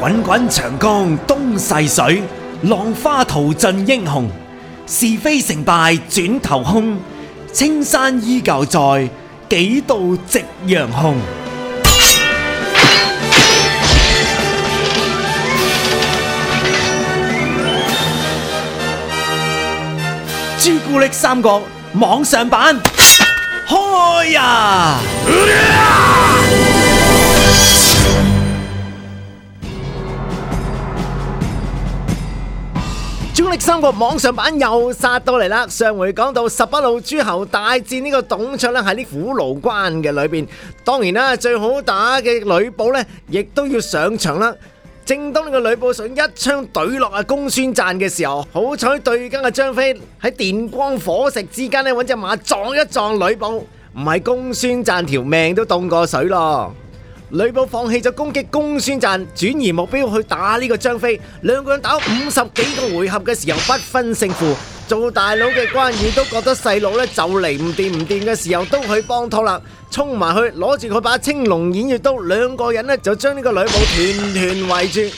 滾滾長江東逝水，浪花淘盡英雄。是非成敗轉頭空。青山依舊在，幾度夕陽紅。朱 古力三國網上版，開 呀！ 《朱古力三國》網上版又殺到嚟啦！上回講到十八路諸侯大戰呢個董卓咧，喺呢虎牢關嘅裏邊，當然啦，最好打嘅呂布咧亦都要上場啦。正當呢個呂布想一槍懟落阿公孫瓚嘅時候，好彩對跟嘅張飛喺電光火石之間咧揾隻馬撞一撞呂布，唔係公孫瓚條命都凍過水咯。呂布放棄咗攻擊公孫瓚，轉移目標去打呢個張飛。兩個人打五十幾個回合嘅時候不分勝負，做大佬嘅關羽都覺得細佬呢就嚟唔掂唔掂嘅時候都去幫拖啦，衝埋去攞住佢把青龍偃月刀，兩個人呢就將呢個呂布團團圍住。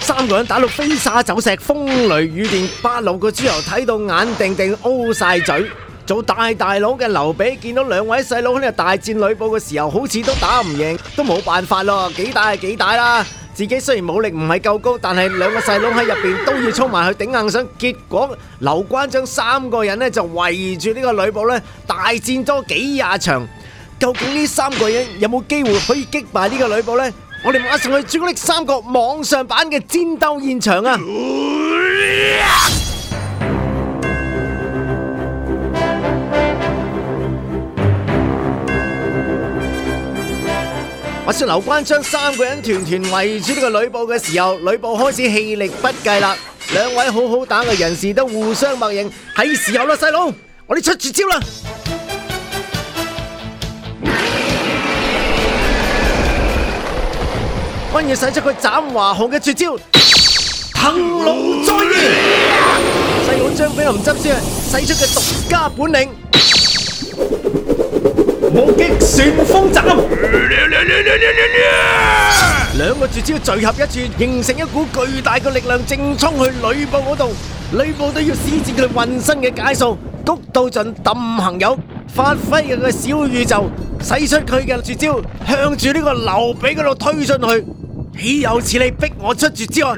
三個人打到飛沙走石、風雷雨電，八路個諸侯睇到眼定定、o 晒嘴。做大大佬嘅劉備見到兩位細佬喺度大戰呂布嘅時候，好似都打唔贏。都冇辦法咯，幾大係幾大啦！自己雖然武力唔係夠高，但係兩個細佬喺入邊都要衝埋去頂硬上。結果劉關張三個人呢就圍住呢個呂布呢大戰多幾廿場。究竟呢三個人有冇機會可以擊敗呢個呂布呢？我哋馬上去朱古力三國網上版嘅戰鬥現場啊！話說劉關張三個人團團圍住呢個呂布嘅時候，呂布開始氣力不繼啦。兩位好好打嘅人士都互相默認，係時候啦，細佬，我哋出絕招啦！關羽使出佢斬華雄嘅絕招，騰龍再現。細佬張飛唔執輸啊，使出佢獨家本領。無極旋風斬，兩個絕招聚合一處，形成一股巨大嘅力量，正衝去呂布嗰度。呂布都要施展佢渾身嘅解數，谷到盡掟朋友，發揮佢嘅小宇宙，使出佢嘅絕招，向住呢個劉備嗰度推進去。豈有此理！逼我出絕招。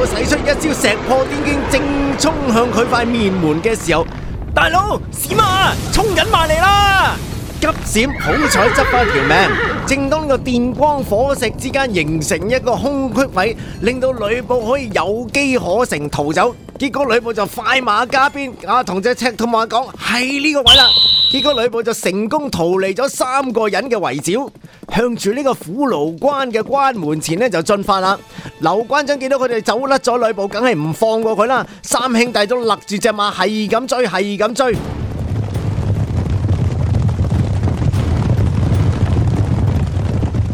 我使出一招石破天驚，正衝向佢塊面門嘅時候，大佬閃啊，衝緊埋嚟啦！急閃，好彩執翻條命。正當個電光火石之間形成一個空隙位，令到呂布可以有機可乘逃走。結果呂布就快馬加鞭啊，同隻赤兔馬講，係呢個位啦。結果呂布就成功逃離咗三個人嘅圍剿。向住呢個虎牢關嘅關門前呢，就進發啦！劉關張見到佢哋走甩咗呂布，梗係唔放過佢啦！三兄弟都勒住隻馬，係咁追，係咁追，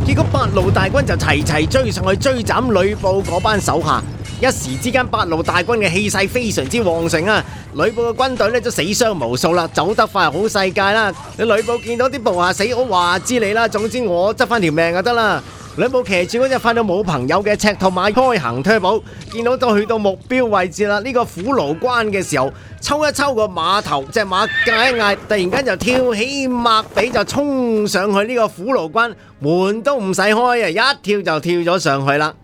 結果八路大軍就齊齊追上去追斬呂布嗰班手下。一時之間，八路大軍嘅氣勢非常之旺盛啊！呂布嘅軍隊呢，就死傷無數啦，走得快好世界啦。你呂布見到啲部下死我，我話知你啦。總之我執翻條命就得啦。呂布騎住嗰隻快到冇朋友嘅赤兔馬開行 turbo，見到都去到目標位置啦。呢、這個虎牢關嘅時候，抽一抽個馬頭，隻馬架一嗌，突然間就跳起擘髀，就衝上去呢個虎牢關，門都唔使開啊，一跳就跳咗上去啦。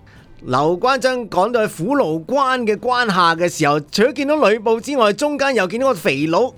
劉關張趕到去虎牢關嘅關下嘅時候，除咗見到呂布之外，中間又見到個肥佬，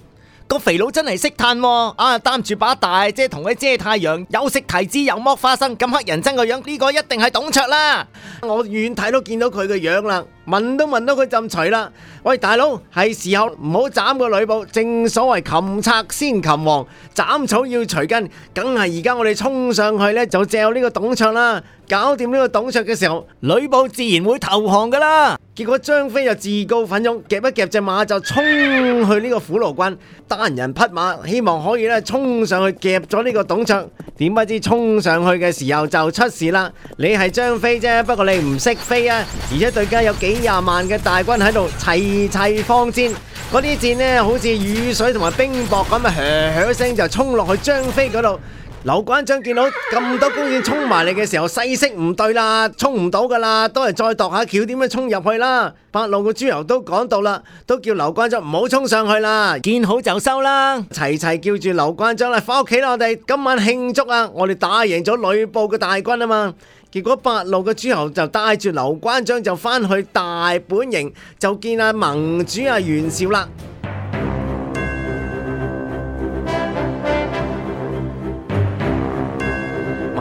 個肥佬真係識嘆，啊擔住把大遮，同佢遮太陽，有食提子有剝花生，咁乞人憎嘅樣，呢個一定係董卓啦，我遠睇都見到佢嘅樣啦。聞都聞到佢浸除啦！喂，大佬，係時候唔好斬個呂布。正所謂擒賊先擒王，斬草要除根。梗係而家我哋衝上去呢，就借呢個董卓啦。搞掂呢個董卓嘅時候，呂布自然會投降噶啦。結果張飛就自告奮勇，夾一夾隻馬就衝去呢個虎牢關，單人匹馬，希望可以呢衝上去夾咗呢個董卓。點不知衝上去嘅時候就出事啦！你係張飛啫，不過你唔識飛啊！而且對家有幾廿萬嘅大軍喺度齊齊放箭，嗰啲箭呢，好似雨水同埋冰雹咁啊，響響聲就衝落去張飛嗰度。劉關張見到咁多弓箭衝埋嚟嘅時候，勢息唔對啦，衝唔到噶啦，都係再度下橋，點樣衝入去啦？八路嘅諸侯都講到啦，都叫劉關張唔好衝上去啦，見好就收啦，齊齊叫住劉關張啦，翻屋企啦，我哋今晚慶祝啊！我哋打贏咗呂布嘅大軍啊嘛，結果八路嘅諸侯就帶住劉關張就翻去大本營，就見阿盟主阿袁紹啦。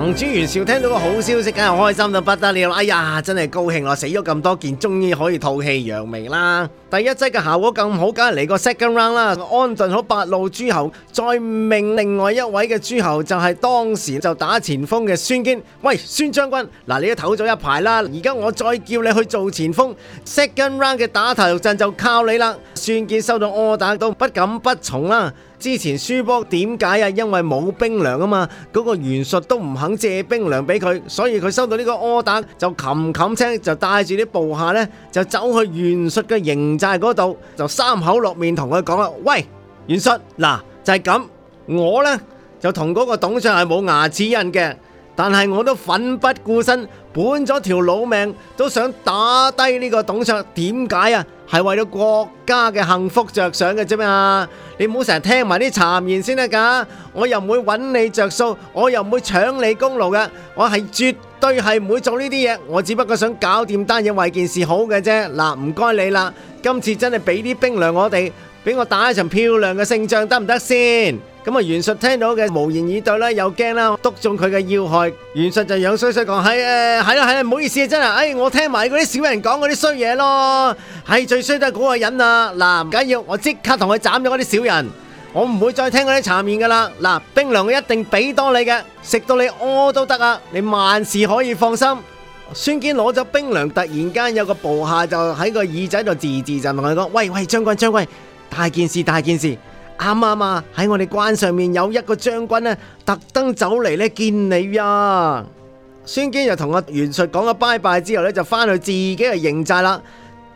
黃忠袁紹聽到個好消息，梗係開心到不得了，哎呀，真係高興啊！死咗咁多件，終於可以吐氣揚眉啦！第一劑嘅效果咁好，梗係嚟個 second round 啦，安頓好八路諸侯。再命另外一位嘅諸侯就係當時就打前鋒嘅孫堅，喂孫將軍，嗱，你都唞咗一排啦，而家我再叫你去做前鋒，second round 嘅打頭陣就靠你啦。孫堅收到柯打都不敢不從啦。之前輸波點解啊？因為冇兵糧啊嘛，嗰個袁術都唔肯借兵糧俾佢，所以佢收到呢個柯打就冚冚聲就帶住啲部下呢，就走去袁術嘅營寨嗰度，就三口落面同佢講啦，喂袁術嗱。就係咁，我呢，就同嗰個董卓係冇牙齒印嘅，但係我都奮不顧身，本咗條老命都想打低呢個董卓。點解啊？係為咗國家嘅幸福着想嘅啫嘛！你唔好成日聽埋啲讒言先得噶。我又唔會揾你着數，我又唔會搶你功勞嘅。我係絕對係唔會做呢啲嘢。我只不過想搞掂單嘢，為件事好嘅啫。嗱、啊，唔該你啦，今次真係畀啲兵糧我哋。俾我打一場漂亮嘅勝仗得唔得先？咁啊袁術聽到嘅無言以對啦，又驚啦，篤中佢嘅要害。袁術就樣衰衰講：係誒，係啦係啦，唔好意思啊，真係，哎，我聽埋嗰啲小人講嗰啲衰嘢咯，係最衰得嗰個人啊！嗱唔緊要，我即刻同佢斬咗嗰啲小人，我唔會再聽嗰啲讒言㗎啦。嗱，兵糧我一定俾多你嘅，食到你屙都得啊，你萬事可以放心。孫堅攞咗兵糧，突然間有個部下就喺個耳仔度字字就同佢講：喂喂，將軍將軍！大件事，大件事，啱啱啊，喺我哋關上面有一個將軍呢，特登走嚟咧見你啊！孫堅就同阿袁術講咗拜拜之後咧，就翻去自己嘅營寨啦。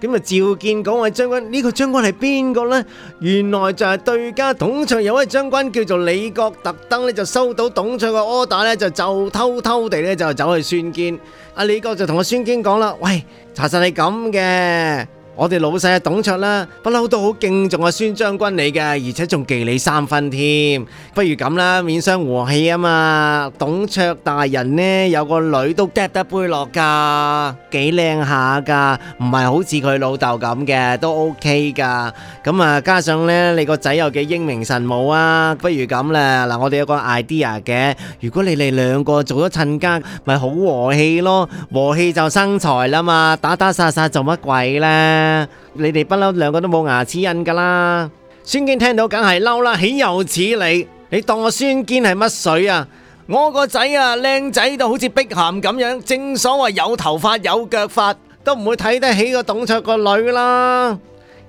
咁啊，召見講位將軍，呢個將軍係邊個咧？原來就係對家董卓有位將軍叫做李傕，特登咧就收到董卓個 order 咧，就就偷偷地咧就走去孫堅。阿李傕就同阿孫堅講啦：喂，查實係咁嘅。我哋老細阿董卓啦，不嬲都好敬重阿孫將軍你噶，而且仲忌你三分添。不如咁啦，免傷和氣啊嘛。董卓大人呢，有個女都嗒得杯落噶，幾靚下噶，唔係好似佢老豆咁嘅，都 OK 噶。咁啊加上呢，你個仔又幾英明神武啊，不如咁啦嗱，我哋有個 idea 嘅，如果你哋兩個做咗親家，咪好和氣咯，和氣就生財啦嘛，打打殺殺做乜鬼呢？你哋不嬲，兩個都冇牙齒印噶啦！孫堅聽到梗係嬲啦，豈有此理！你當我孫堅係乜水啊？我個仔啊，靚仔到好似碧咸咁樣，正所謂有頭髮有腳發，都唔會睇得起個董卓個女啦。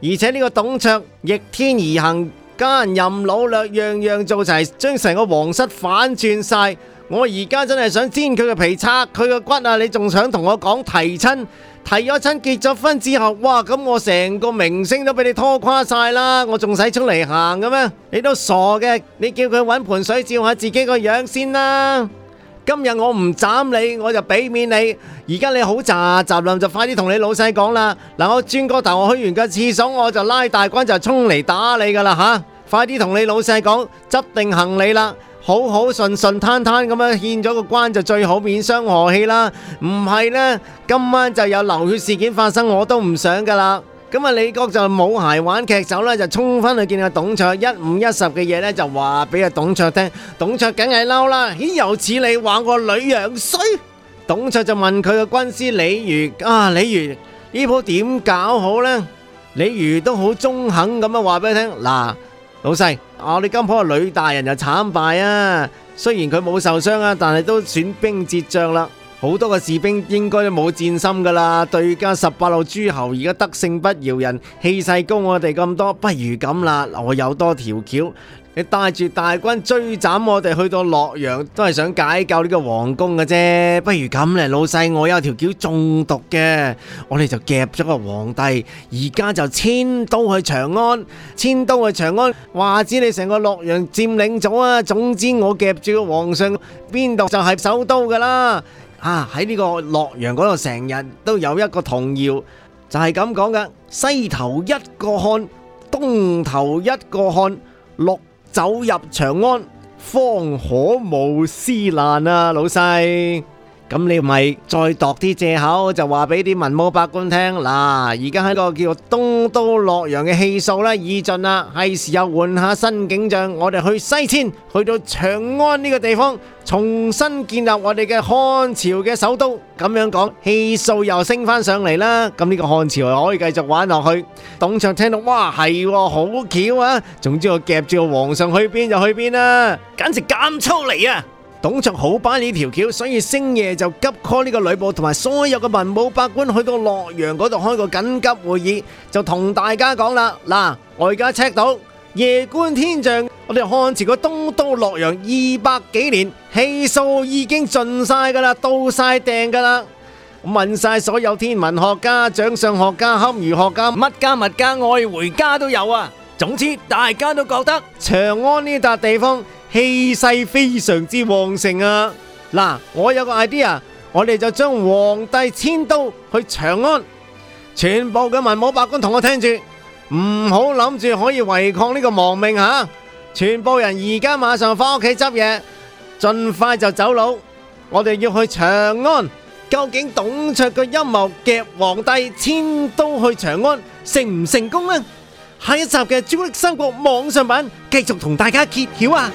而且呢個董卓逆天而行，奸淫擄掠，樣樣做齊，將成個皇室反轉晒。我而家真係想煎佢個皮，拆佢個骨啊！你仲想同我講提親？提咗親結咗婚之後，哇！咁我成個明星都畀你拖垮晒啦，我仲使出嚟行嘅咩？你都傻嘅，你叫佢揾盆水照下自己個樣先啦。今日我唔斬你，我就俾面你。而家你好渣渣林，就快啲同你老細講啦。嗱，我轉個頭我去完個廁所，我就拉大關就衝嚟打你噶啦吓！快啲同你老細講執定行李啦。好好順順攤攤咁樣獻咗個關就最好，免傷和氣啦，唔係咧，今晚就有流血事件發生我都唔想噶啦。咁啊，李郭就冇鞋玩劇走啦，就衝翻去見阿董卓，一五一十嘅嘢咧就話俾阿董卓聽。董卓梗係嬲啦，豈有此理話我女樣衰？董卓就問佢個軍師李儒啊，李儒呢鋪點搞好咧？李儒都好中肯咁樣話俾佢聽嗱。老細、啊，我哋今鋪呂大人就慘敗啊！雖然佢冇受傷啊，但係都損兵折將啦，好多個士兵應該都冇戰心噶啦。對家十八路諸侯而家得勝不饒人，氣勢高我哋咁多，不如咁啦，我有多條橋。你帶住大軍追斬我哋去到洛陽，都係想解救呢個皇宮嘅啫。不如咁嚟，老細，我有條橋中毒嘅，我哋就夾咗個皇帝。而家就遷都去長安，遷都去長安，話知你成個洛陽佔領咗啊。總之我夾住個皇上，邊度就係首都噶啦。啊，喺呢個洛陽嗰度，成日都有一個童謠，就係咁講嘅：西頭一個漢，東頭一個漢，鹿。走入長安，方可無私難啊！老細，咁你咪再度啲借口，就話俾啲文武百官聽嗱，而家喺個叫東。到洛陽嘅氣數咧已盡啦，係時候換下新景象。我哋去西遷，去到長安呢個地方，重新建立我哋嘅漢朝嘅首都。咁樣講，氣數又升翻上嚟啦，咁呢個漢朝可以繼續玩落去。董卓聽到，哇，係啊，好巧啊。總之我夾住個皇上去邊就去邊啦，啊，簡直監粗嚟啊！董卓好擺呢條橋，所以星夜就急 call 呢個呂布同埋所有嘅文武百官去到洛陽嗰度，開個緊急會議，就同大家講啦。嗱，我而家 check 到夜觀天象，我哋漢朝嘅東都洛陽二百幾年氣數已經盡晒噶啦，到晒頂噶啦，問晒所有天文學家、掌相學家、堪輿學家、乜家、物家、愛回家都有啊。總之，大家都覺得長安呢笪地方。氣勢非常之旺盛啊！嗱，我有個 idea，我哋就將皇帝遷都去長安。全部嘅文武百官同我聽住，唔好諗住可以違抗呢個亡命吓，啊！全部人而家馬上翻屋企執嘢，盡快就走佬。我哋要去長安。究竟董卓嘅陰謀夾皇帝遷都去長安成唔成功呢？下一集嘅《朱古力三國》網上版繼續同大家揭曉啊！